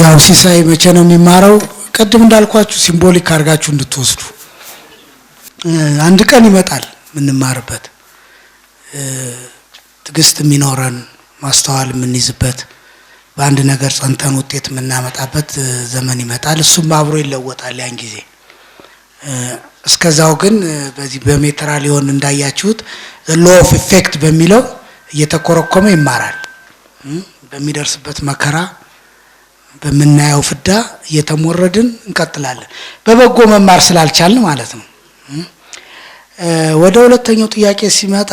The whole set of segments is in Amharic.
ያው ሲሳይ መቼ ነው የሚማረው? ቅድም እንዳልኳችሁ ሲምቦሊክ አድርጋችሁ እንድትወስዱ አንድ ቀን ይመጣል የምንማርበት ትግስት የሚኖረን ማስተዋል የምንይዝበት በአንድ ነገር ጸንተን ውጤት የምናመጣበት ዘመን ይመጣል። እሱም አብሮ ይለወጣል ያን ጊዜ። እስከዛው ግን በዚህ በሜትራ ሊሆን እንዳያችሁት ሎ ኦፍ ኢፌክት በሚለው እየተኮረኮመ ይማራል በሚደርስበት መከራ በምናየው ፍዳ እየተሞረድን እንቀጥላለን። በበጎ መማር ስላልቻልን ማለት ነው። ወደ ሁለተኛው ጥያቄ ሲመጣ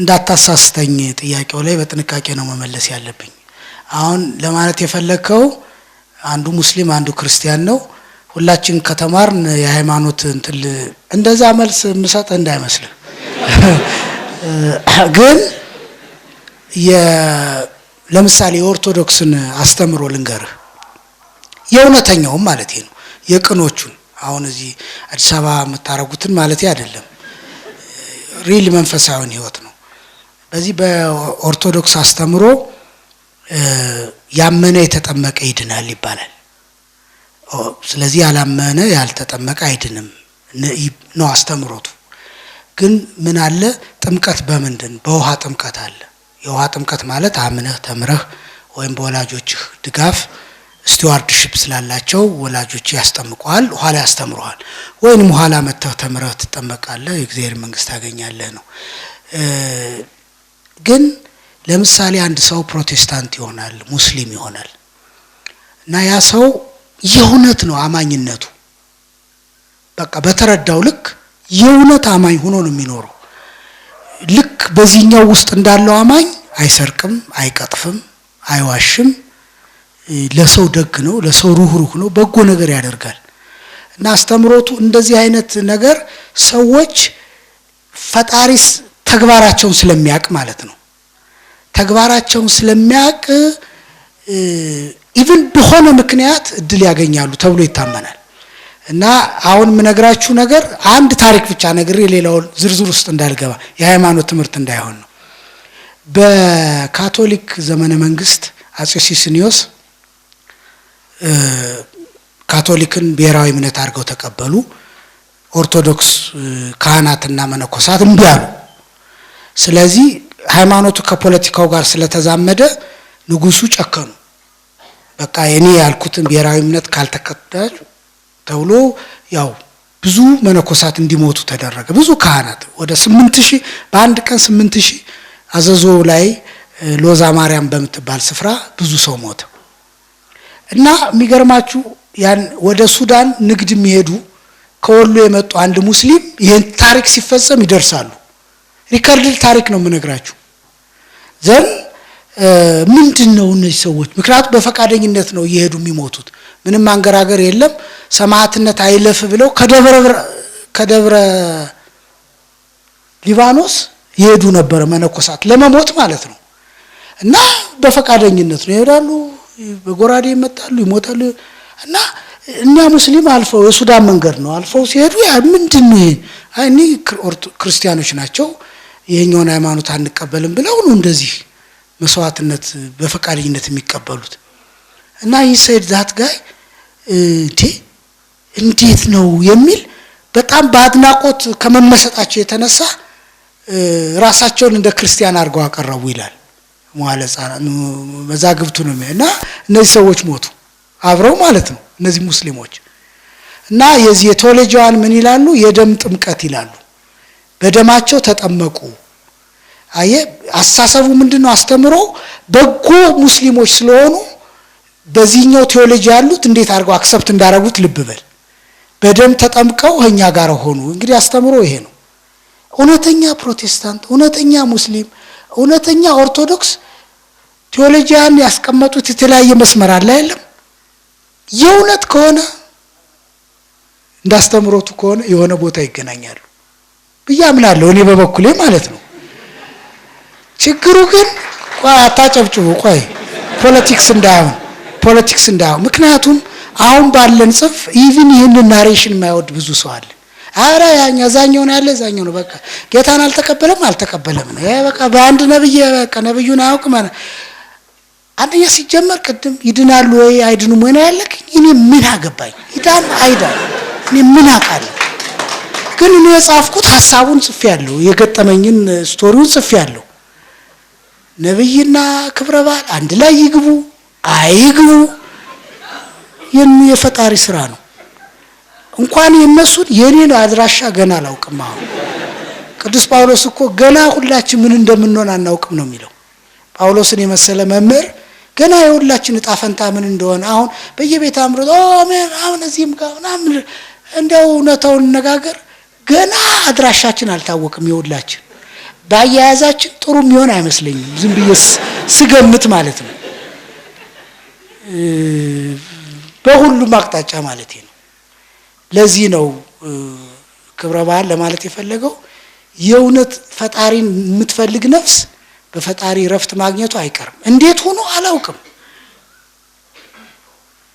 እንዳታሳስተኝ፣ ጥያቄው ላይ በጥንቃቄ ነው መመለስ ያለብኝ። አሁን ለማለት የፈለግከው አንዱ ሙስሊም አንዱ ክርስቲያን ነው፣ ሁላችን ከተማርን የሃይማኖት እንትል እንደዛ መልስ የምሰጥ እንዳይመስልህ ግን ለምሳሌ የኦርቶዶክስን አስተምሮ ልንገርህ፣ የእውነተኛውም ማለት ነው የቅኖቹን አሁን እዚህ አዲስ አበባ የምታረጉትን ማለት አይደለም። ሪል መንፈሳዊን ህይወት ነው። በዚህ በኦርቶዶክስ አስተምሮ ያመነ የተጠመቀ ይድናል ይባላል። ስለዚህ ያላመነ ያልተጠመቀ አይድንም ነው አስተምሮቱ። ግን ምን አለ? ጥምቀት በምንድን በውሃ ጥምቀት አለ። የውሃ ጥምቀት ማለት አምነህ ተምረህ ወይም በወላጆችህ ድጋፍ ስቲዋርድሽፕ ስላላቸው ወላጆች ያስጠምቀዋል፣ ኋላ ያስተምረዋል። ወይንም ኋላ መተህ ተምረህ ትጠመቃለህ፣ የእግዚአብሔር መንግስት ታገኛለህ ነው። ግን ለምሳሌ አንድ ሰው ፕሮቴስታንት ይሆናል፣ ሙስሊም ይሆናል እና ያ ሰው የእውነት ነው አማኝነቱ በቃ በተረዳው ልክ የእውነት አማኝ ሆኖ ነው የሚኖረው። ልክ በዚህኛው ውስጥ እንዳለው አማኝ አይሰርቅም፣ አይቀጥፍም፣ አይዋሽም። ለሰው ደግ ነው፣ ለሰው ሩህሩህ ነው፣ በጎ ነገር ያደርጋል እና አስተምሮቱ እንደዚህ አይነት ነገር ሰዎች ፈጣሪስ ተግባራቸውን ስለሚያውቅ ማለት ነው። ተግባራቸውን ስለሚያውቅ ኢቭን በሆነ ምክንያት እድል ያገኛሉ ተብሎ ይታመናል። እና አሁን የምነግራችሁ ነገር አንድ ታሪክ ብቻ ነግሬ ሌላውን ዝርዝር ውስጥ እንዳልገባ የሃይማኖት ትምህርት እንዳይሆን ነው። በካቶሊክ ዘመነ መንግስት አጼ ሲስኒዮስ ካቶሊክን ብሔራዊ እምነት አድርገው ተቀበሉ። ኦርቶዶክስ ካህናትና መነኮሳት እምቢ አሉ። ስለዚህ ሃይማኖቱ ከፖለቲካው ጋር ስለተዛመደ ንጉሱ ጨከኑ። በቃ እኔ ያልኩትን ብሔራዊ እምነት ካልተከተል ተብሎ ያው ብዙ መነኮሳት እንዲሞቱ ተደረገ። ብዙ ካህናት ወደ ስምንት ሺህ በአንድ ቀን ስምንት ሺህ አዘዞ ላይ ሎዛ ማርያም በምትባል ስፍራ ብዙ ሰው ሞተ እና የሚገርማችሁ ያን ወደ ሱዳን ንግድ የሚሄዱ ከወሎ የመጡ አንድ ሙስሊም ይህን ታሪክ ሲፈጸም ይደርሳሉ። ሪካርድ ታሪክ ነው የምነግራችሁ። ዘን ምንድን ነው እነዚህ ሰዎች? ምክንያቱም በፈቃደኝነት ነው እየሄዱ የሚሞቱት። ምንም አንገራገር የለም። ሰማዕትነት አይለፍ ብለው ከደብረ ሊባኖስ ይሄዱ ነበረ መነኮሳት ለመሞት ማለት ነው። እና በፈቃደኝነት ነው ይሄዳሉ፣ በጎራዴ ይመጣሉ፣ ይሞታሉ። እና እኛ ሙስሊም አልፈው የሱዳን መንገድ ነው አልፈው ሲሄዱ ያ ምንድን ይሄ ክርስቲያኖች ናቸው ይሄኛውን ሃይማኖት አንቀበልም ብለው ነው እንደዚህ መስዋዕትነት በፈቃደኝነት የሚቀበሉት። እና ይህ ሰይድ ዛት ጋይ እንዴ እንዴት ነው የሚል በጣም በአድናቆት ከመመሰጣቸው የተነሳ ራሳቸውን እንደ ክርስቲያን አድርገው አቀረቡ ይላል። መዋለ መዛግብቱ ነው እና እነዚህ ሰዎች ሞቱ አብረው ማለት ነው። እነዚህ ሙስሊሞች እና የዚህ የቶሌጃዋን ምን ይላሉ? የደም ጥምቀት ይላሉ። በደማቸው ተጠመቁ። አየ አሳሰቡ ምንድን ነው? አስተምሮ በጎ ሙስሊሞች ስለሆኑ በዚህኛው ቴዎሎጂ ያሉት እንዴት አድርገው አክሰፕት እንዳደረጉት ልብ በል። በደም ተጠምቀው እኛ ጋር ሆኑ። እንግዲህ አስተምሮ ይሄ ነው። እውነተኛ ፕሮቴስታንት፣ እውነተኛ ሙስሊም፣ እውነተኛ ኦርቶዶክስ ቴዎሎጂያን ያስቀመጡት የተለያየ መስመር አለ አይደለም። የእውነት ከሆነ እንዳስተምሮቱ ከሆነ የሆነ ቦታ ይገናኛሉ ብዬ አምናለሁ፣ እኔ በበኩሌ ማለት ነው። ችግሩ ግን ቆይ አታጨብጭቡ፣ ቆይ ፖለቲክስ እንዳይሆን ፖለቲክስ እንዳይሆን። ምክንያቱም አሁን ባለን ጽፍ ኢቭን ይህንን ናሬሽን የማይወድ ብዙ ሰው አለ። አረ ያኛ ዛኛው ያለ ዛኛው ነው በቃ ጌታን አልተቀበለም አልተቀበለም ነው። ይሄ በቃ በአንድ ነብይ በቃ ነብዩን አያውቅ ማለት አንደኛ ሲጀመር ቅድም ይድናሉ ወይ አይድኑም ወይ ያለክ እኔ ምን አገባኝ ይዳን አይዳን እኔ ምን አውቃለሁ። ግን እኔ የጻፍኩት ሀሳቡን ጽፌያለሁ፣ የገጠመኝን ስቶሪውን ጽፌያለሁ። ነብይና ክብረ በዓል አንድ ላይ ይግቡ አይግቡ የፈጣሪ ስራ ነው። እንኳን የነሱን የኔን አድራሻ ገና አላውቅም። አሁን ቅዱስ ጳውሎስ እኮ ገና ሁላችን ምን እንደምንሆን አናውቅም ነው የሚለው። ጳውሎስን የመሰለ መምህር ገና የሁላችን እጣ ፈንታ ምን እንደሆነ አሁን በየቤት አምሮ አሁን እዚህም ጋር ምናምን እንዲያው እውነታውን እነጋገር ገና አድራሻችን አልታወቅም። የሁላችን በአያያዛችን ጥሩ የሚሆን አይመስለኝም፣ ዝም ብዬ ስገምት ማለት ነው። በሁሉም አቅጣጫ ማለት ነው። ለዚህ ነው ክብረ በዓል ለማለት የፈለገው። የእውነት ፈጣሪን የምትፈልግ ነፍስ በፈጣሪ እረፍት ማግኘቱ አይቀርም። እንዴት ሆኖ አላውቅም፣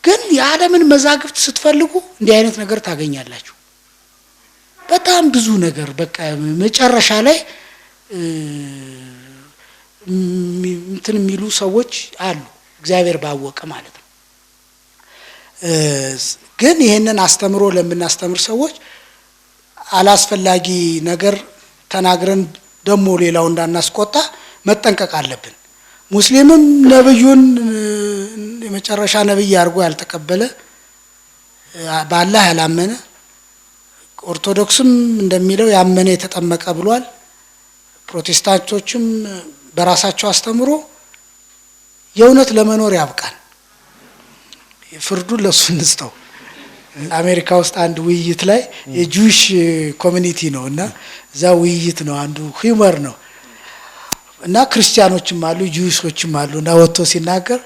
ግን የዓለምን መዛግብት ስትፈልጉ እንዲህ አይነት ነገር ታገኛላችሁ። በጣም ብዙ ነገር በቃ መጨረሻ ላይ እንትን የሚሉ ሰዎች አሉ። እግዚአብሔር ባወቀ ማለት ነው። ግን ይህንን አስተምሮ ለምናስተምር ሰዎች አላስፈላጊ ነገር ተናግረን ደሞ ሌላው እንዳናስቆጣ መጠንቀቅ አለብን። ሙስሊምም ነብዩን የመጨረሻ ነብይ አድርጎ ያልተቀበለ በአላህ ያላመነ፣ ኦርቶዶክስም እንደሚለው ያመነ የተጠመቀ ብሏል። ፕሮቴስታንቶችም በራሳቸው አስተምሮ የእውነት ለመኖር ያብቃል። ፍርዱን ለሱ እንስጠው። አሜሪካ ውስጥ አንድ ውይይት ላይ የጁዊሽ ኮሚኒቲ ነው እና እዛ ውይይት ነው አንዱ ሂመር ነው እና ክርስቲያኖችም አሉ ጁዊሶችም አሉ እና ወጥቶ ሲናገር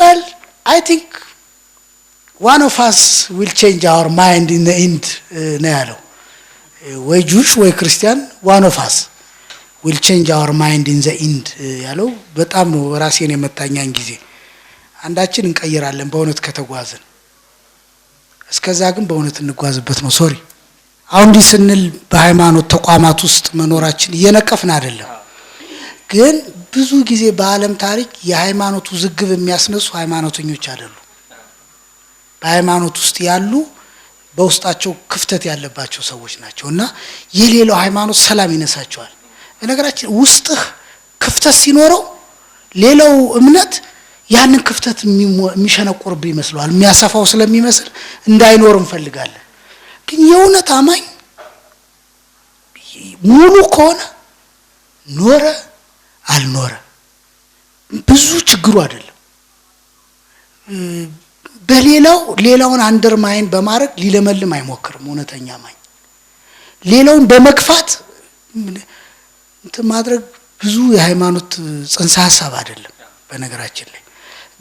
ዌል አይ ቲንክ ዋን ኦፍ አስ ዊል ቼንጅ አወር ማይንድ ኢን ኢንድ ነው ያለው። uh, ወይ ጁሽ ወይ ክርስቲያን ዋን ኦፍ አስ ዊል ቼንጅ አወር ማይንድ ኢን ዘ ኢንድ ያለው በጣም ነው ራሴን የመታኛን ጊዜ አንዳችን እንቀይራለን በእውነት ከተጓዝን እስከዛ ግን በእውነት እንጓዝበት ነው። ሶሪ አሁን እንዲህ ስንል በሃይማኖት ተቋማት ውስጥ መኖራችን እየነቀፍን አይደለም። ግን ብዙ ጊዜ በዓለም ታሪክ የሃይማኖት ውዝግብ የሚያስነሱ ሃይማኖተኞች አይደሉ። በሃይማኖት ውስጥ ያሉ በውስጣቸው ክፍተት ያለባቸው ሰዎች ናቸው እና የሌላው ሃይማኖት ሰላም ይነሳቸዋል። በነገራችን ውስጥህ ክፍተት ሲኖረው ሌላው እምነት ያንን ክፍተት የሚሸነቁርብ ይመስለዋል። የሚያሰፋው ስለሚመስል እንዳይኖር እንፈልጋለን። ግን የእውነት አማኝ ሙሉ ከሆነ ኖረ አልኖረ ብዙ ችግሩ አይደለም። በሌላው ሌላውን አንደርማይን በማድረግ ሊለመልም አይሞክርም። እውነተኛ አማኝ ሌላውን በመግፋት እንትን ማድረግ ብዙ የሃይማኖት ጽንሰ ሀሳብ አይደለም በነገራችን ላይ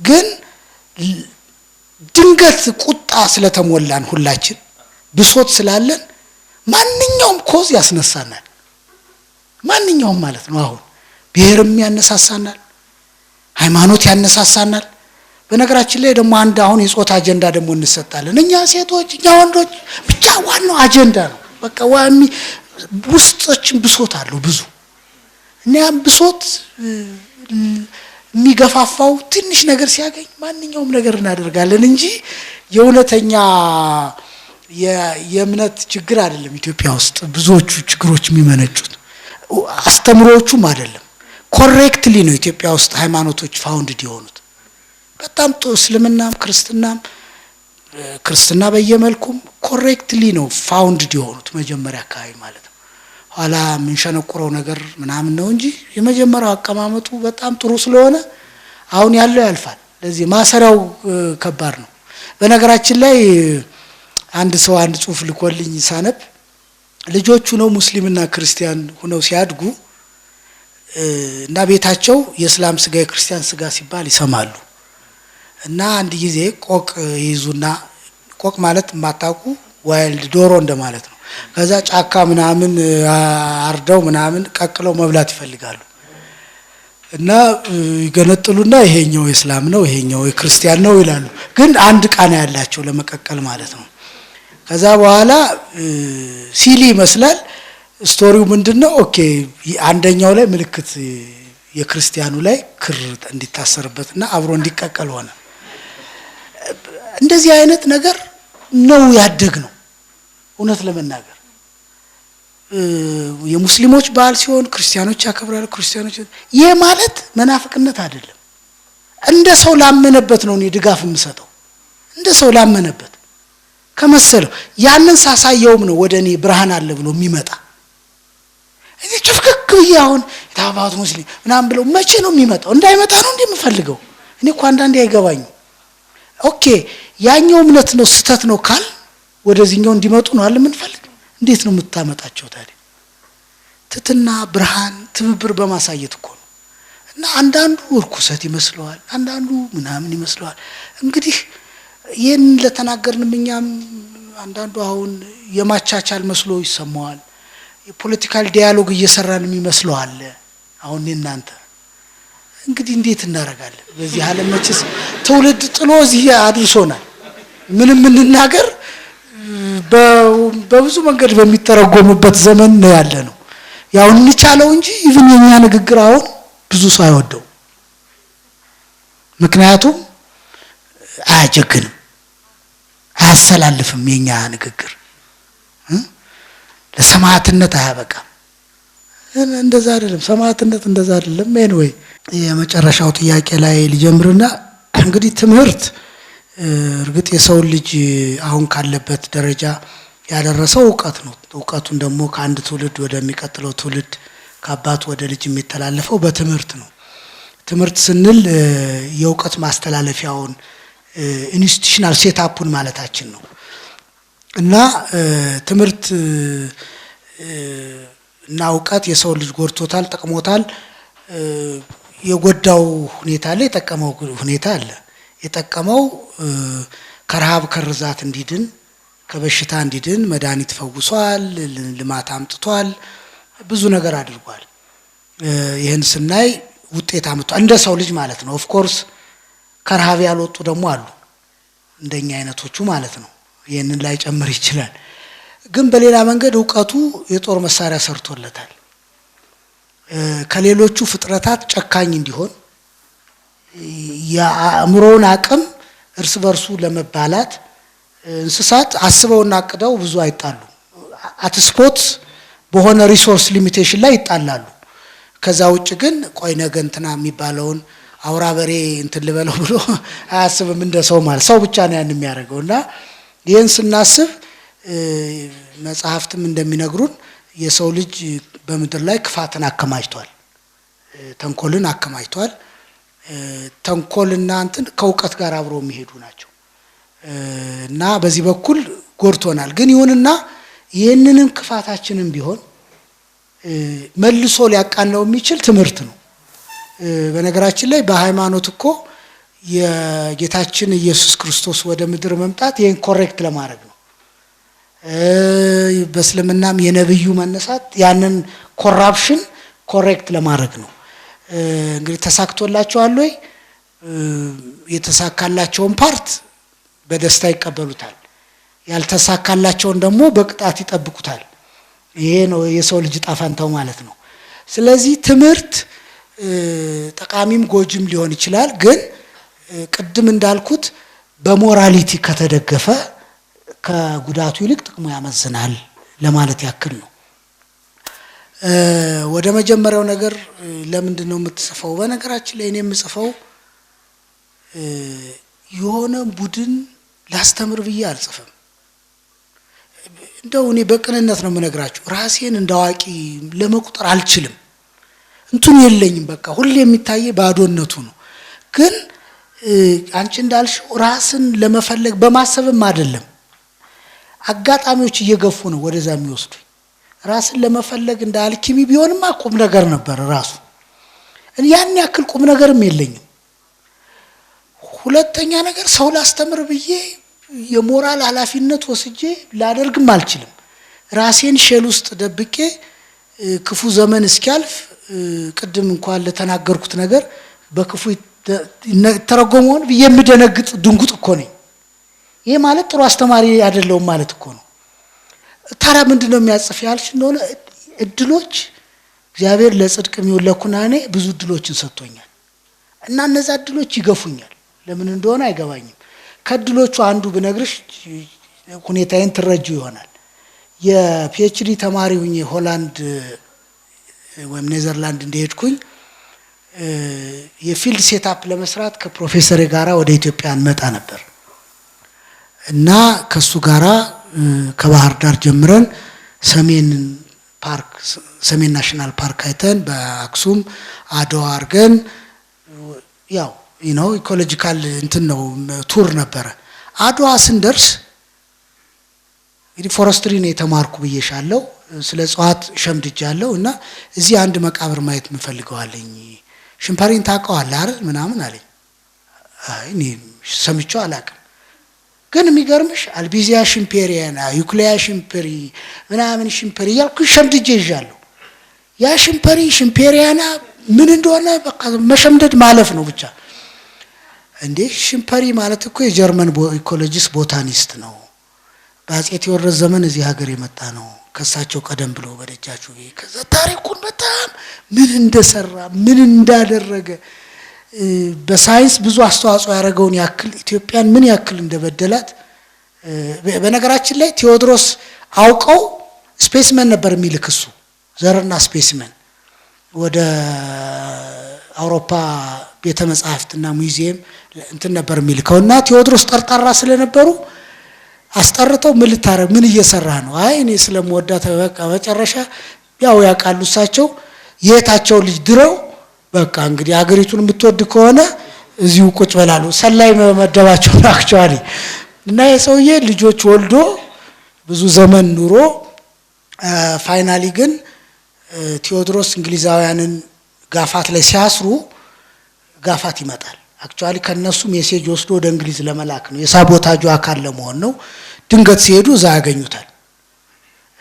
ግን ድንገት ቁጣ ስለተሞላን ሁላችን ብሶት ስላለን ማንኛውም ኮዝ ያስነሳናል። ማንኛውም ማለት ነው። አሁን ብሔርም ያነሳሳናል፣ ሃይማኖት ያነሳሳናል። በነገራችን ላይ ደግሞ አንድ አሁን የጾት አጀንዳ ደግሞ እንሰጣለን። እኛ ሴቶች፣ እኛ ወንዶች ብቻ ዋናው አጀንዳ ነው። በቃ ዋሚ ውስጦችን ብሶት አለው ብዙ እና ብሶት የሚገፋፋው ትንሽ ነገር ሲያገኝ ማንኛውም ነገር እናደርጋለን እንጂ የእውነተኛ የእምነት ችግር አይደለም። ኢትዮጵያ ውስጥ ብዙዎቹ ችግሮች የሚመነጩት አስተምሮዎቹም አይደለም። ኮሬክትሊ ነው ኢትዮጵያ ውስጥ ሃይማኖቶች ፋውንድድ የሆኑት በጣም እስልምናም ክርስትናም ክርስትና በየመልኩም ኮሬክትሊ ነው ፋውንድድ የሆኑት መጀመሪያ አካባቢ ማለት ነው። ኋላ የምንሸነቁረው ነገር ምናምን ነው እንጂ የመጀመሪያው አቀማመጡ በጣም ጥሩ ስለሆነ አሁን ያለው ያልፋል። ለዚህ ማሰሪያው ከባድ ነው። በነገራችን ላይ አንድ ሰው አንድ ጽሁፍ ልኮልኝ ሳነብ ልጆቹ ነው ሙስሊምና ክርስቲያን ሆነው ሲያድጉ እና ቤታቸው የእስላም ስጋ የክርስቲያን ስጋ ሲባል ይሰማሉ እና አንድ ጊዜ ቆቅ ይይዙና ቆቅ ማለት የማታውቁ ዋይልድ ዶሮ እንደማለት ነው ከዛ ጫካ ምናምን አርደው ምናምን ቀቅለው መብላት ይፈልጋሉ እና ይገነጥሉና ይሄኛው የእስላም ነው ይሄኛው የክርስቲያን ነው ይላሉ። ግን አንድ ቃና ያላቸው ለመቀቀል ማለት ነው። ከዛ በኋላ ሲሊ ይመስላል ስቶሪው ምንድን ነው? ኦኬ አንደኛው ላይ ምልክት የክርስቲያኑ ላይ ክር እንዲታሰርበትና አብሮ እንዲቀቀል ሆነ። እንደዚህ አይነት ነገር ነው ያደግ ነው። እውነት ለመናገር የሙስሊሞች በዓል ሲሆን ክርስቲያኖች ያከብራሉ። ክርስቲያኖች ይህ ማለት መናፍቅነት አይደለም። እንደ ሰው ላመነበት ነው እኔ ድጋፍ የምሰጠው፣ እንደ ሰው ላመነበት ከመሰለው ያንን ሳሳየውም ነው ወደ እኔ ብርሃን አለ ብሎ የሚመጣ እዚህ ችፍክክ ብዬ አሁን የታባት ሙስሊም ምናምን ብለው መቼ ነው የሚመጣው? እንዳይመጣ ነው እንዲህ የምፈልገው እኔ እኮ አንዳንዴ አይገባኝም። ኦኬ ያኛው እምነት ነው ስህተት ነው ካል ወደዚህኛው እንዲመጡ ነው አለ የምንፈልግ። እንዴት ነው የምታመጣቸው ታዲያ? ትትና ብርሃን ትብብር በማሳየት እኮ ነው። እና አንዳንዱ እርኩሰት ይመስለዋል፣ አንዳንዱ ምናምን ይመስለዋል። እንግዲህ ይህን ለተናገርንም እኛም አንዳንዱ አሁን የማቻቻል መስሎ ይሰማዋል። የፖለቲካል ዲያሎግ እየሰራንም ይመስለዋል። አሁን እናንተ እንግዲህ እንዴት እናደርጋለን? በዚህ ዓለም መችስ ትውልድ ጥሎ እዚህ አድርሶናል። ምንም ምንናገር በብዙ መንገድ በሚተረጎምበት ዘመን ነው ያለ ነው። ያው እንቻለው እንጂ ኢቭን የኛ ንግግር አሁን ብዙ ሰው አይወደው። ምክንያቱም አያጀግንም፣ አያሰላልፍም። የኛ ንግግር ለሰማዕትነት አያበቃም። እንደዛ አይደለም፣ ሰማዕትነት እንደዛ አይደለም። ኤንዌይ የመጨረሻው ጥያቄ ላይ ልጀምርና እንግዲህ ትምህርት እርግጥ የሰውን ልጅ አሁን ካለበት ደረጃ ያደረሰው እውቀት ነው። እውቀቱን ደግሞ ከአንድ ትውልድ ወደሚቀጥለው ትውልድ ከአባት ወደ ልጅ የሚተላለፈው በትምህርት ነው። ትምህርት ስንል የእውቀት ማስተላለፊያውን ኢንስቲቱሽናል ሴታፑን ማለታችን ነው እና ትምህርት እና እውቀት የሰው ልጅ ጎድቶታል፣ ጠቅሞታል። የጎዳው ሁኔታ አለ፣ የጠቀመው ሁኔታ አለ። የጠቀመው ከረሃብ ከርዛት እንዲድን ከበሽታ እንዲድን መድኃኒት ፈውሷል፣ ልማት አምጥቷል፣ ብዙ ነገር አድርጓል። ይህን ስናይ ውጤት አምጥቷል እንደ ሰው ልጅ ማለት ነው። ኦፍኮርስ ከረሃብ ያልወጡ ደግሞ አሉ እንደኛ አይነቶቹ ማለት ነው። ይህንን ላይ ጨምር ይችላል። ግን በሌላ መንገድ እውቀቱ የጦር መሳሪያ ሰርቶለታል። ከሌሎቹ ፍጥረታት ጨካኝ እንዲሆን የአእምሮውን አቅም እርስ በርሱ ለመባላት እንስሳት አስበውና አቅደው ብዙ አይጣሉ። አትስፖት በሆነ ሪሶርስ ሊሚቴሽን ላይ ይጣላሉ። ከዛ ውጭ ግን ቆይ ነገ እንትና የሚባለውን አውራ በሬ እንትን ልበለው ብሎ አያስብም። እንደ ሰው ማለት ሰው ብቻ ነው ያን የሚያደርገው። እና ይህን ስናስብ መጽሐፍትም እንደሚነግሩን የሰው ልጅ በምድር ላይ ክፋትን አከማችቷል፣ ተንኮልን አከማችቷል። ተንኮልና እንትን ከእውቀት ጋር አብሮ የሚሄዱ ናቸው እና በዚህ በኩል ጎድቶናል። ግን ይሁንና ይህንንም ክፋታችንም ቢሆን መልሶ ሊያቃናው የሚችል ትምህርት ነው። በነገራችን ላይ በሃይማኖት እኮ የጌታችን ኢየሱስ ክርስቶስ ወደ ምድር መምጣት ይህን ኮሬክት ለማድረግ ነው። በእስልምናም የነብዩ መነሳት ያንን ኮራፕሽን ኮሬክት ለማድረግ ነው። እንግዲህ ተሳክቶላቸዋል ወይ? የተሳካላቸውን ፓርት በደስታ ይቀበሉታል። ያልተሳካላቸውን ደግሞ በቅጣት ይጠብቁታል። ይሄ ነው የሰው ልጅ ጣፋንተው ማለት ነው። ስለዚህ ትምህርት ጠቃሚም ጎጅም ሊሆን ይችላል። ግን ቅድም እንዳልኩት በሞራሊቲ ከተደገፈ ከጉዳቱ ይልቅ ጥቅሙ ያመዝናል ለማለት ያክል ነው። ወደ መጀመሪያው ነገር ለምንድን ነው የምትጽፈው? በነገራችን ላይ እኔ የምጽፈው የሆነ ቡድን ላስተምር ብዬ አልጽፍም። እንደው እኔ በቅንነት ነው የምነግራችሁ፣ ራሴን እንደ አዋቂ ለመቁጠር አልችልም። እንትኑ የለኝም። በቃ ሁሌ የሚታየ ባዶነቱ ነው። ግን አንቺ እንዳልሽው ራስን ለመፈለግ በማሰብም አይደለም፣ አጋጣሚዎች እየገፉ ነው ወደዛ የሚወስዱ ራስን ለመፈለግ እንደ አልኪሚ ቢሆንማ ቁም ነገር ነበር ራሱ። ያን ያክል ቁም ነገርም የለኝም። ሁለተኛ ነገር ሰው ላስተምር ብዬ የሞራል ኃላፊነት ወስጄ ላደርግም አልችልም። ራሴን ሼል ውስጥ ደብቄ ክፉ ዘመን እስኪያልፍ ቅድም እንኳን ለተናገርኩት ነገር በክፉ ይተረጎመውን ብዬ የምደነግጥ ድንጉጥ እኮ ነኝ። ይሄ ማለት ጥሩ አስተማሪ አይደለውም ማለት እኮ ነው። ታራ ምንድን ነው የሚያጽፍ ያልሽ እንደሆነ እድሎች እግዚአብሔር ለጽድቅ የሚሆን ለኩናኔ ብዙ እድሎችን ሰጥቶኛል እና እነዛ እድሎች ይገፉኛል። ለምን እንደሆነ አይገባኝም። ከእድሎቹ አንዱ ብነግርሽ ሁኔታዬን ትረጁ ይሆናል። የፒኤችዲ ተማሪ ሁኜ ሆላንድ ወይም ኔዘርላንድ እንደሄድኩኝ የፊልድ ሴታፕ ለመስራት ከፕሮፌሰሬ ጋራ ወደ ኢትዮጵያ እንመጣ ነበር እና ከእሱ ጋራ ከባህር ዳር ጀምረን ሰሜን ፓርክ ሰሜን ናሽናል ፓርክ አይተን በአክሱም አድዋ አድርገን ያው ኖ ኢኮሎጂካል እንትን ነው ቱር ነበረ። አድዋ ስንደርስ እንግዲህ ፎረስትሪ ነው የተማርኩ ብዬሻለሁ። ስለ እጽዋት ሸምድጃለሁ። እና እዚህ አንድ መቃብር ማየት ምፈልገዋለኝ ሽምፐሪን ታውቀዋለህ አይደል ምናምን አለኝ። እኔ ሰምቼው አላውቅም። ግን የሚገርምሽ አልቢዚያ ሽምፔሪያና ዩክሊያ ሽምፐሪ ምናምን ሽምፐሪ እያልኩ ሸምድጄ ይዣለሁ። ያ ሽምፐሪ ሽምፔሪያና ምን እንደሆነ በቃ መሸምደድ ማለፍ ነው ብቻ። እንዴ ሽምፐሪ ማለት እኮ የጀርመን ኢኮሎጂስት ቦታኒስት ነው። በአፄ ቴዎድሮስ ዘመን እዚህ ሀገር የመጣ ነው። ከሳቸው ቀደም ብሎ በደጃችሁ ከዛ ታሪኩን በጣም ምን እንደሰራ ምን እንዳደረገ በሳይንስ ብዙ አስተዋጽኦ ያደረገውን ያክል ኢትዮጵያን ምን ያክል እንደበደላት በነገራችን ላይ ቴዎድሮስ አውቀው ስፔስመን ነበር የሚልክ እሱ ዘርና ስፔስመን ወደ አውሮፓ ቤተ መጻሕፍትና ሙዚየም እንትን ነበር የሚልከው እና ቴዎድሮስ ጠርጣራ ስለነበሩ አስጠርተው ምን ልታረግ ምን እየሰራ ነው? አይ እኔ ስለምወዳት በቃ መጨረሻ ያው ያውቃሉ እሳቸው የታቸው ልጅ ድረው በቃ እንግዲህ ሀገሪቱን የምትወድ ከሆነ እዚሁ ቁጭ በላሉ ሰላይ መደባቸው ናቸዋል። እና የሰውዬ ልጆች ወልዶ ብዙ ዘመን ኑሮ ፋይናሊ ግን ቴዎድሮስ እንግሊዛውያንን ጋፋት ላይ ሲያስሩ ጋፋት ይመጣል። አክቹዋሊ ከነሱ ሜሴጅ ወስዶ ወደ እንግሊዝ ለመላክ ነው፣ የሳቦታጁ አካል ለመሆን ነው። ድንገት ሲሄዱ እዛ ያገኙታል።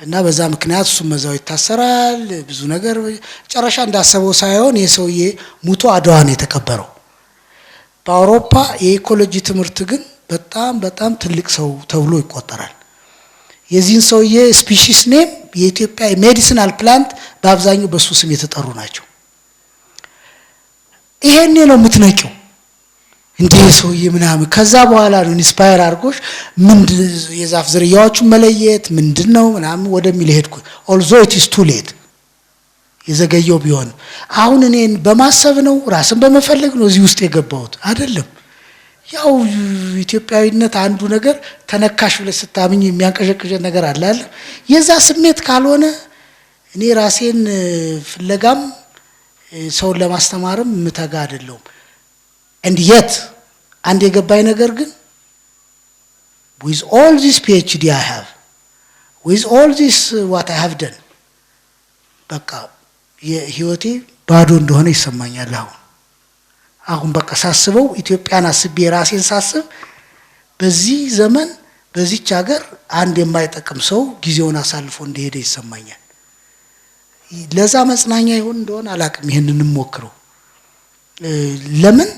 እና በዛ ምክንያት እሱም በዛው ይታሰራል። ብዙ ነገር ጨረሻ እንዳሰበው ሳይሆን የሰውዬ ሰውዬ ሙቶ አድዋ ነው የተቀበረው። በአውሮፓ የኢኮሎጂ ትምህርት ግን በጣም በጣም ትልቅ ሰው ተብሎ ይቆጠራል። የዚህን ሰውዬ ስፒሺስ ኔም የኢትዮጵያ ሜዲሲናል ፕላንት በአብዛኛው በእሱ ስም የተጠሩ ናቸው። ይሄኔ ነው የምትነቂው። እንደ ሰውዬ ምናምን ከዛ በኋላ ነው ኢንስፓየር አድርጎሽ ምንድን የዛፍ ዝርያዎቹን መለየት ምንድን ነው ምናምን ወደሚል ሄድኩ። ኦልዞ ኢትስ ቱ ሌት የዘገየው ቢሆን አሁን እኔን በማሰብ ነው ራስን በመፈለግ ነው እዚህ ውስጥ የገባሁት አይደለም። ያው ኢትዮጵያዊነት አንዱ ነገር ተነካሽ ብለሽ ስታምኝ የሚያንቀሸቅሸ ነገር አለ የዛ ስሜት ካልሆነ እኔ ራሴን ፍለጋም ሰውን ለማስተማርም ምተጋ አይደለሁም። and yet አንድ የገባኝ ነገር ግን with all this PhD I have with all this uh, what I have done በቃ የህይወቴ ባዶ እንደሆነ ይሰማኛል። አሁን አሁን በቃ ሳስበው ኢትዮጵያን አስቤ የራሴን ሳስብ በዚህ ዘመን በዚች ሀገር አንድ የማይጠቅም ሰው ጊዜውን አሳልፎ እንደሄደ ይሰማኛል። ለዛ መጽናኛ ይሆን እንደሆነ አላቅም። ይህንን እንሞክረው። ለምን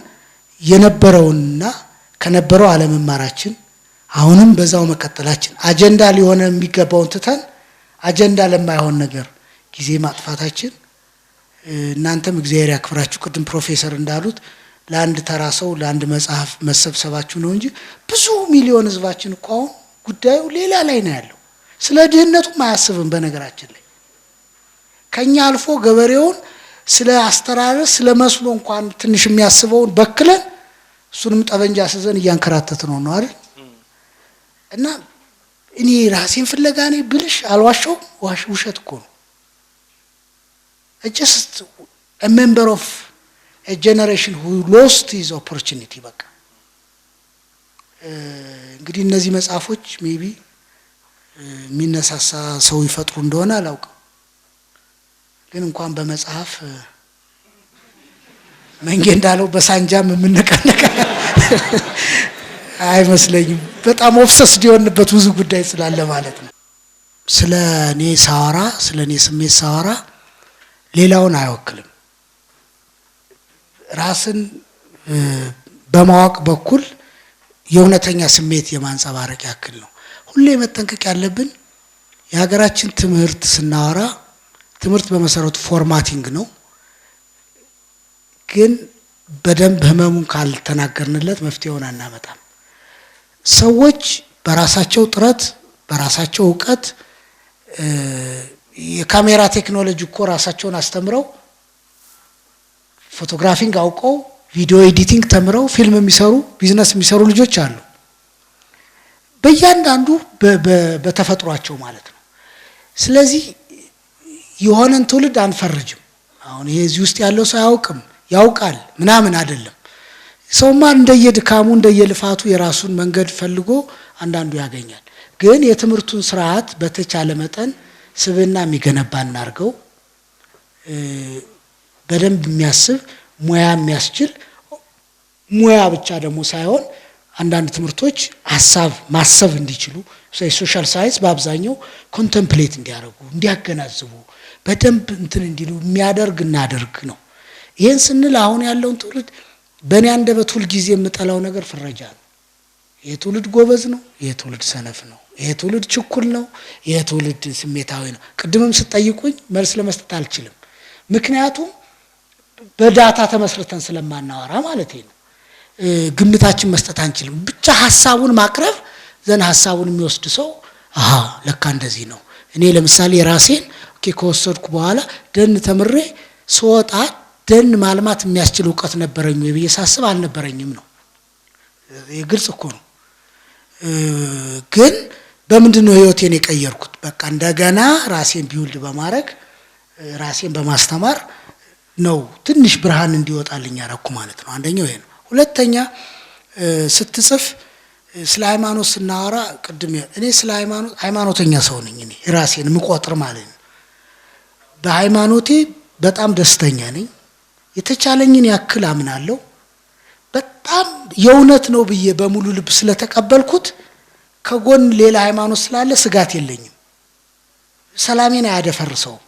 የነበረውንና ከነበረው አለመማራችን አሁንም በዛው መቀጠላችን አጀንዳ ሊሆነ የሚገባውን ትተን አጀንዳ ለማይሆን ነገር ጊዜ ማጥፋታችን እናንተም እግዚአብሔር ያክብራችሁ። ቅድም ፕሮፌሰር እንዳሉት ለአንድ ተራ ሰው ለአንድ መጽሐፍ መሰብሰባችሁ ነው እንጂ ብዙ ሚሊዮን ህዝባችን እኮ አሁን ጉዳዩ ሌላ ላይ ነው ያለው። ስለ ድህነቱም አያስብም። በነገራችን ላይ ከኛ አልፎ ገበሬውን ስለ አስተራረስ ስለ መስሎ እንኳን ትንሽ የሚያስበውን በክለን እሱንም ጠበንጃ ስዘን እያንከራተት ነው ነው አይደል? እና እኔ ራሴን ፍለጋ እኔ ብልሽ አልዋሸው ውሸት እኮ ነው። ጀስት ሜምበር ኦፍ ጀነሬሽን ሁ ሎስት ሂዝ ኦፖርቹኒቲ። በቃ እንግዲህ እነዚህ መጽሐፎች ሜቢ የሚነሳሳ ሰው ይፈጥሩ እንደሆነ አላውቅም። ግን እንኳን በመጽሐፍ መንጌ እንዳለው በሳንጃም የምነቀነቀ አይመስለኝም። በጣም ኦፍሰስ ሊሆንበት ብዙ ጉዳይ ስላለ ማለት ነው። ስለ እኔ ሳወራ፣ ስለ እኔ ስሜት ሳወራ ሌላውን አይወክልም። ራስን በማወቅ በኩል የእውነተኛ ስሜት የማንጸባረቅ ያክል ነው። ሁሌ መጠንቀቅ ያለብን የሀገራችን ትምህርት ስናወራ ትምህርት በመሰረቱ ፎርማቲንግ ነው። ግን በደንብ ህመሙን ካልተናገርንለት መፍትሄውን አናመጣም። ሰዎች በራሳቸው ጥረት በራሳቸው እውቀት የካሜራ ቴክኖሎጂ እኮ ራሳቸውን አስተምረው ፎቶግራፊንግ አውቀው ቪዲዮ ኤዲቲንግ ተምረው ፊልም የሚሰሩ ቢዝነስ የሚሰሩ ልጆች አሉ። በእያንዳንዱ በተፈጥሯቸው ማለት ነው። ስለዚህ የሆነን ትውልድ አንፈርጅም። አሁን ይሄ እዚህ ውስጥ ያለው ሰው አያውቅም ያውቃል ምናምን አይደለም። ሰውማ እንደየድካሙ እንደየልፋቱ የራሱን መንገድ ፈልጎ አንዳንዱ ያገኛል። ግን የትምህርቱን ስርዓት በተቻለ መጠን ስብና የሚገነባ እናርገው። በደንብ የሚያስብ ሙያ የሚያስችል ሙያ ብቻ ደግሞ ሳይሆን አንዳንድ ትምህርቶች ሀሳብ ማሰብ እንዲችሉ የሶሻል ሳይንስ በአብዛኛው ኮንተምፕሌት እንዲያደርጉ እንዲያገናዝቡ በደንብ እንትን እንዲሉ የሚያደርግ እናደርግ ነው። ይህን ስንል አሁን ያለውን ትውልድ በእኔ አንደበት ሁልጊዜ የምጠላው ነገር ፍረጃ ነው። ይህ ትውልድ ጎበዝ ነው፣ ይህ ትውልድ ሰነፍ ነው፣ ይህ ትውልድ ችኩል ነው፣ ይህ ትውልድ ስሜታዊ ነው። ቅድምም ስጠይቁኝ መልስ ለመስጠት አልችልም። ምክንያቱም በዳታ ተመስርተን ስለማናወራ ማለት ነው። ግምታችን መስጠት አንችልም። ብቻ ሀሳቡን ማቅረብ ዘን ሀሳቡን የሚወስድ ሰው አሀ ለካ እንደዚህ ነው። እኔ ለምሳሌ ራሴን ኦኬ ከወሰድኩ በኋላ ደን ተምሬ ስወጣ ደን ማልማት የሚያስችል እውቀት ነበረኝ ብዬ ሳስብ አልነበረኝም ነው። ግልጽ እኮ ነው። ግን በምንድን ነው ህይወቴን የቀየርኩት? በቃ እንደገና ራሴን ቢውልድ በማድረግ ራሴን በማስተማር ነው ትንሽ ብርሃን እንዲወጣልኝ ያረኩ ማለት ነው። አንደኛው ይሄ ነው። ሁለተኛ ስትጽፍ ስለ ሃይማኖት ስናወራ ቅድም እኔ ስለ ሃይማኖት ሃይማኖተኛ ሰው ነኝ እኔ ራሴን ምቆጥር ማለት ነው። በሃይማኖቴ በጣም ደስተኛ ነኝ። የተቻለኝን ያክል አምናለሁ። በጣም የእውነት ነው ብዬ በሙሉ ልብ ስለተቀበልኩት ከጎን ሌላ ሃይማኖት ስላለ ስጋት የለኝም። ሰላሜን አያደፈርሰውም።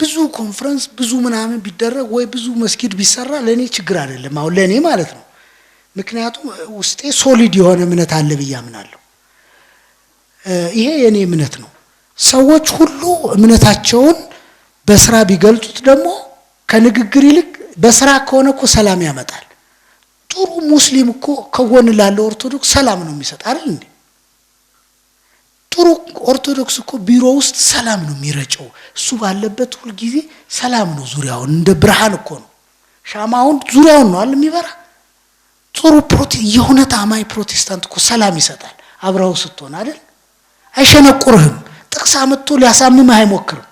ብዙ ኮንፈረንስ ብዙ ምናምን ቢደረግ ወይ ብዙ መስጊድ ቢሰራ ለእኔ ችግር አይደለም። አሁን ለእኔ ማለት ነው። ምክንያቱም ውስጤ ሶሊድ የሆነ እምነት አለ ብዬ አምናለሁ። ይሄ የእኔ እምነት ነው። ሰዎች ሁሉ እምነታቸውን በስራ ቢገልጹት ደግሞ ከንግግር ይልቅ በስራ ከሆነ እኮ ሰላም ያመጣል። ጥሩ ሙስሊም እኮ ከጎን ላለው ኦርቶዶክስ ሰላም ነው የሚሰጥ አይደል እንዴ? ጥሩ ኦርቶዶክስ እኮ ቢሮ ውስጥ ሰላም ነው የሚረጨው። እሱ ባለበት ሁልጊዜ ሰላም ነው ዙሪያውን፣ እንደ ብርሃን እኮ ነው። ሻማውን ዙሪያውን ነው አለ የሚበራ ጥሩ የሆነ ታማኝ ፕሮቴስታንት እኮ ሰላም ይሰጣል። አብረው ስትሆን አይደል አይሸነቁርህም። ጥቅስ አምጥቶ ሊያሳምምህ አይሞክርም።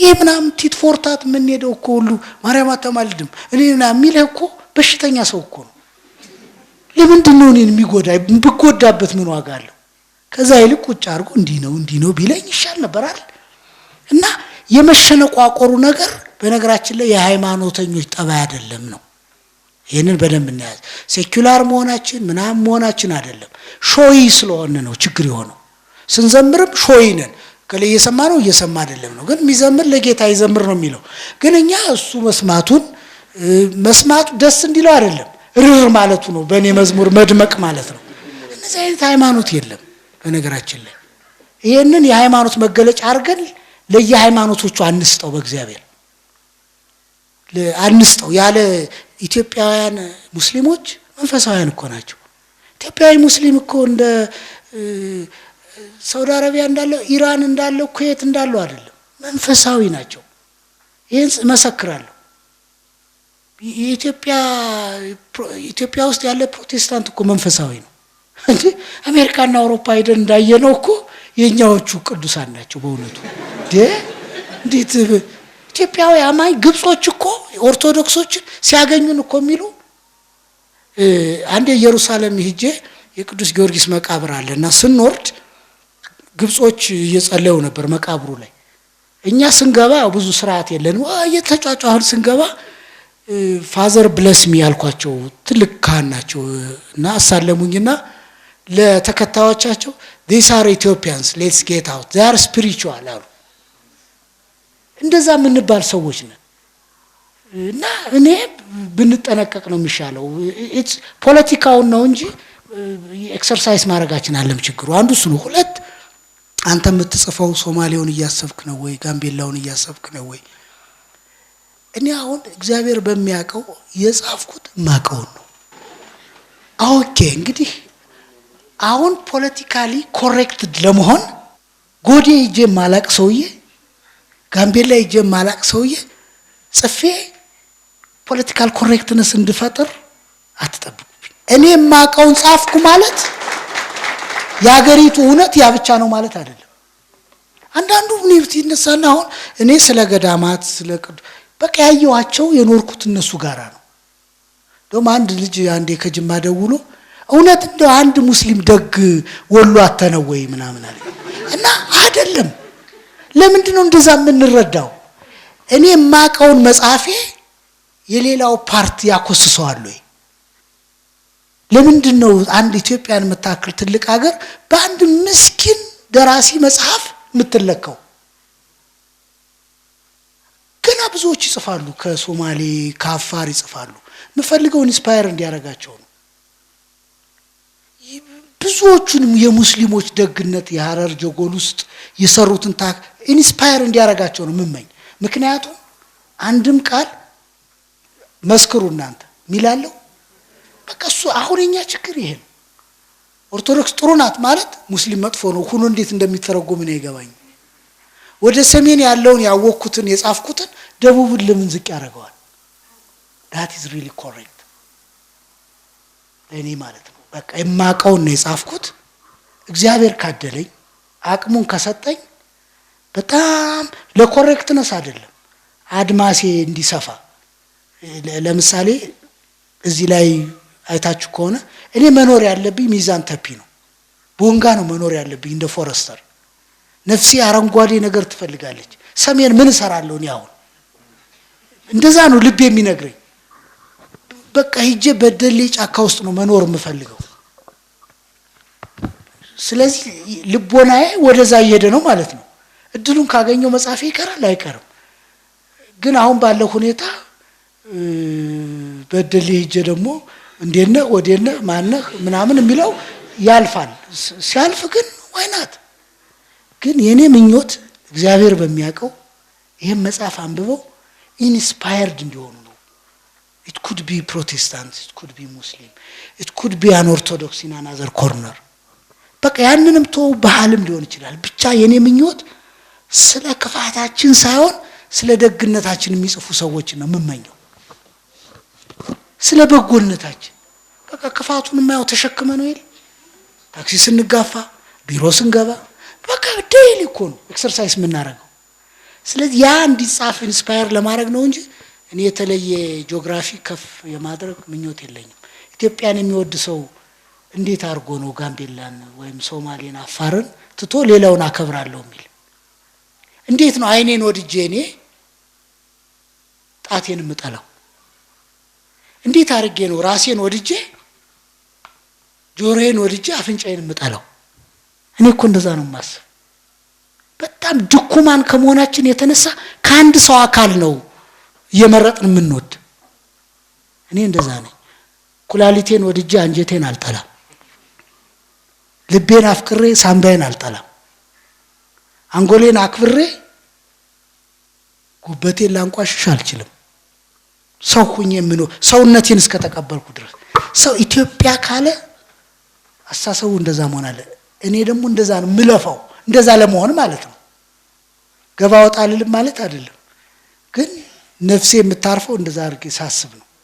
ይህ ምናምን ቲት ፎርታት የምንሄደው እኮ ሁሉ ማርያም አታማልድም እኔ ምናምን የሚልህ እኮ በሽተኛ ሰው እኮ ነው። ለምንድን ነው እኔን የሚጎዳ? ብጎዳበት ምን ዋጋ አለው? ከዛ ይልቅ ቁጭ አድርጎ እንዲህ ነው እንዲህ ነው ቢለኝ ይሻል ነበራል። እና የመሸነቋቆሩ ነገር በነገራችን ላይ የሃይማኖተኞች ጠባይ አይደለም ነው። ይህንን በደንብ እናያዝ። ሴኩላር መሆናችን ምናምን መሆናችን አይደለም፣ ሾይ ስለሆን ነው ችግር የሆነው። ስንዘምርም ሾይ ነን። ከላይ እየሰማ ነው እየሰማ አይደለም ነው። ግን የሚዘምር ለጌታ ይዘምር ነው የሚለው። ግን እኛ እሱ መስማቱን መስማቱ ደስ እንዲለው አይደለም፣ ርር ማለቱ ነው። በእኔ መዝሙር መድመቅ ማለት ነው። እነዚህ አይነት ሃይማኖት የለም። በነገራችን ላይ ይህንን የሃይማኖት መገለጫ አድርገን ለየሃይማኖቶቹ አንስጠው በእግዚአብሔር አንስጠው ያለ ኢትዮጵያውያን ሙስሊሞች መንፈሳውያን እኮ ናቸው። ኢትዮጵያዊ ሙስሊም እኮ እንደ ሳውዲ አረቢያ እንዳለው ኢራን እንዳለው ኩዌት እንዳለው አይደለም፣ መንፈሳዊ ናቸው። ይህን እመሰክራለሁ። ኢትዮጵያ ውስጥ ያለ ፕሮቴስታንት እኮ መንፈሳዊ ነው። እንጂ አሜሪካና አውሮፓ ሄደን እንዳየነው እኮ የእኛዎቹ ቅዱሳን ናቸው። በእውነቱ እንዴት ኢትዮጵያዊ አማኝ ግብጾች እኮ ኦርቶዶክሶችን ሲያገኙን እኮ የሚሉ አንዴ ኢየሩሳሌም ሂጄ የቅዱስ ጊዮርጊስ መቃብር አለ እና ስንወርድ ግብጾች እየጸለዩ ነበር መቃብሩ ላይ። እኛ ስንገባ ብዙ ስርዓት የለንም እየተጫጫህን ስንገባ ፋዘር ብለስሚ ያልኳቸው ትልቅ ካህን ናቸው እና አሳለሙኝና ለተከታዮቻቸው ዲስ አር ኢትዮጵያንስ ሌትስ ጌት አውት አር ስፒሪቹዋል አሉ። እንደዛ የምንባል ሰዎች ነን እና እኔ ብንጠነቀቅ ነው የሚሻለው። ፖለቲካውን ነው እንጂ ኤክሰርሳይዝ ማድረጋችን አለም ችግሩ አንዱ እሱ ነው። ሁለት አንተ የምትጽፈው ሶማሌውን እያሰብክ ነው ወይ? ጋምቤላውን እያሰብክ ነው ወይ? እኔ አሁን እግዚአብሔር በሚያውቀው የጻፍኩት ማቀውን ነው። ኦኬ እንግዲህ አሁን ፖለቲካሊ ኮሬክት ለመሆን ጎዴ ይጄ ማላቅ ሰውዬ ጋምቤላ ይጄ ማላቅ ሰውዬ ጽፌ ፖለቲካል ኮሬክትነስ እንድፈጥር አትጠብቁብኝ። እኔ የማውቀውን ጻፍኩ ማለት የአገሪቱ እውነት ያ ብቻ ነው ማለት አይደለም። አንዳንዱ ኒውት ይነሳና አሁን እኔ ስለ ገዳማት ስለ ቅዱ በቃ ያየኋቸው የኖርኩት እነሱ ጋራ ነው። እንደውም አንድ ልጅ አንዴ ከጅማ ደውሎ እውነት እንደ አንድ ሙስሊም ደግ ወሎ አተነው ወይ ምናምን አለ እና አይደለም። ለምንድን ነው እንደዛ የምንረዳው? እኔ የማውቀውን መጽሐፌ የሌላው ፓርቲ ያኮስሰዋል ወይ? ለምንድን ነው አንድ ኢትዮጵያን የምታክል ትልቅ ሀገር በአንድ ምስኪን ደራሲ መጽሐፍ የምትለካው? ገና ብዙዎች ይጽፋሉ፣ ከሶማሌ ከአፋር ይጽፋሉ። የምፈልገው ኢንስፓየር እንዲያደርጋቸው ነው። ብዙዎቹንም የሙስሊሞች ደግነት የሀረር ጀጎል ውስጥ የሰሩትን ታ ኢንስፓየር እንዲያረጋቸው ነው ምመኝ ምክንያቱም አንድም ቃል መስክሩ እናንተ ሚላለው በቃ እሱ አሁን የኛ ችግር ይሄ ነው። ኦርቶዶክስ ጥሩ ናት ማለት ሙስሊም መጥፎ ነው ሁኖ እንዴት እንደሚተረጎም ነው አይገባኝ። ወደ ሰሜን ያለውን ያወቅኩትን የጻፍኩትን ደቡብን ለምን ዝቅ ያደርገዋል? ዳት ኢዝ ሪሊ ኮሬክት ለእኔ ማለት ነው። በቃ የማቀውን ነው የጻፍኩት። እግዚአብሔር ካደለኝ አቅሙን ከሰጠኝ በጣም ለኮሬክትነስ አይደለም አድማሴ እንዲሰፋ ለምሳሌ እዚህ ላይ አይታችሁ ከሆነ እኔ መኖር ያለብኝ ሚዛን ተፒ ነው፣ ቦንጋ ነው መኖር ያለብኝ እንደ ፎረስተር። ነፍሴ አረንጓዴ ነገር ትፈልጋለች። ሰሜን ምን እሰራለሁ እኔ አሁን? እንደዛ ነው ልብ የሚነግረኝ። በቃ ሂጄ በደሌ ጫካ ውስጥ ነው መኖር የምፈልገው። ስለዚህ ልቦናዬ ወደዛ እየሄደ ነው ማለት ነው። እድሉን ካገኘው መጽሐፌ ይቀራል አይቀርም፣ ግን አሁን ባለው ሁኔታ በደሌ ሂጄ ደግሞ እንዴት ነህ ማነህ ምናምን የሚለው ያልፋል። ሲያልፍ ግን ዋይናት ግን የእኔ ምኞት እግዚአብሔር በሚያውቀው ይህም መጽሐፍ አንብበው ኢንስፓየርድ እንዲሆኑ It could be Protestant, it could be Muslim, it could be an Orthodox in another corner. በቃ ያንንም ቶ ባህልም ሊሆን ይችላል። ብቻ የኔ ምኞት ስለ ክፋታችን ሳይሆን ስለ ደግነታችን የሚጽፉ ሰዎች ነው የምመኘው። ስለ በጎነታችን በቃ ክፋቱን የማየው ተሸክመ ነው የለ ታክሲ ስንጋፋ፣ ቢሮ ስንገባ በቃ ዴይሊ እኮ ነው ኤክሰርሳይዝ የምናደርገው። ስለዚህ ያ እንዲጻፍ ኢንስፓየር ለማድረግ ነው እንጂ እኔ የተለየ ጂኦግራፊ ከፍ የማድረግ ምኞት የለኝም። ኢትዮጵያን የሚወድ ሰው እንዴት አድርጎ ነው ጋምቤላን ወይም ሶማሌን አፋርን ትቶ ሌላውን አከብራለሁ የሚል? እንዴት ነው አይኔን ወድጄ እኔ ጣቴን የምጠላው? እንዴት አድርጌ ነው ራሴን ወድጄ ጆሮዬን ወድጄ አፍንጫዬን የምጠላው? እኔ እኮ እንደዛ ነው ማስብ በጣም ድኩማን ከመሆናችን የተነሳ ከአንድ ሰው አካል ነው እየመረጥን የምንወድ እኔ እንደዛ ነኝ። ኩላሊቴን ወድጄ አንጀቴን አልጠላም። ልቤን አፍቅሬ ሳምባዬን አልጠላም። አንጎሌን አክብሬ ጉበቴን ላንቋሽሽ አልችልም። ሰው ሁኜ የምኖ ሰውነቴን እስከተቀበልኩ ድረስ ሰው ኢትዮጵያ ካለ አሳሰቡ እንደዛ መሆን አለ። እኔ ደግሞ እንደዛ ነው ምለፋው፣ እንደዛ ለመሆን ማለት ነው። ገባ ወጣ ማለት አይደለም ግን ነፍሴ የምታርፈው እንደዛ አድርጌ ሳስብ ነው።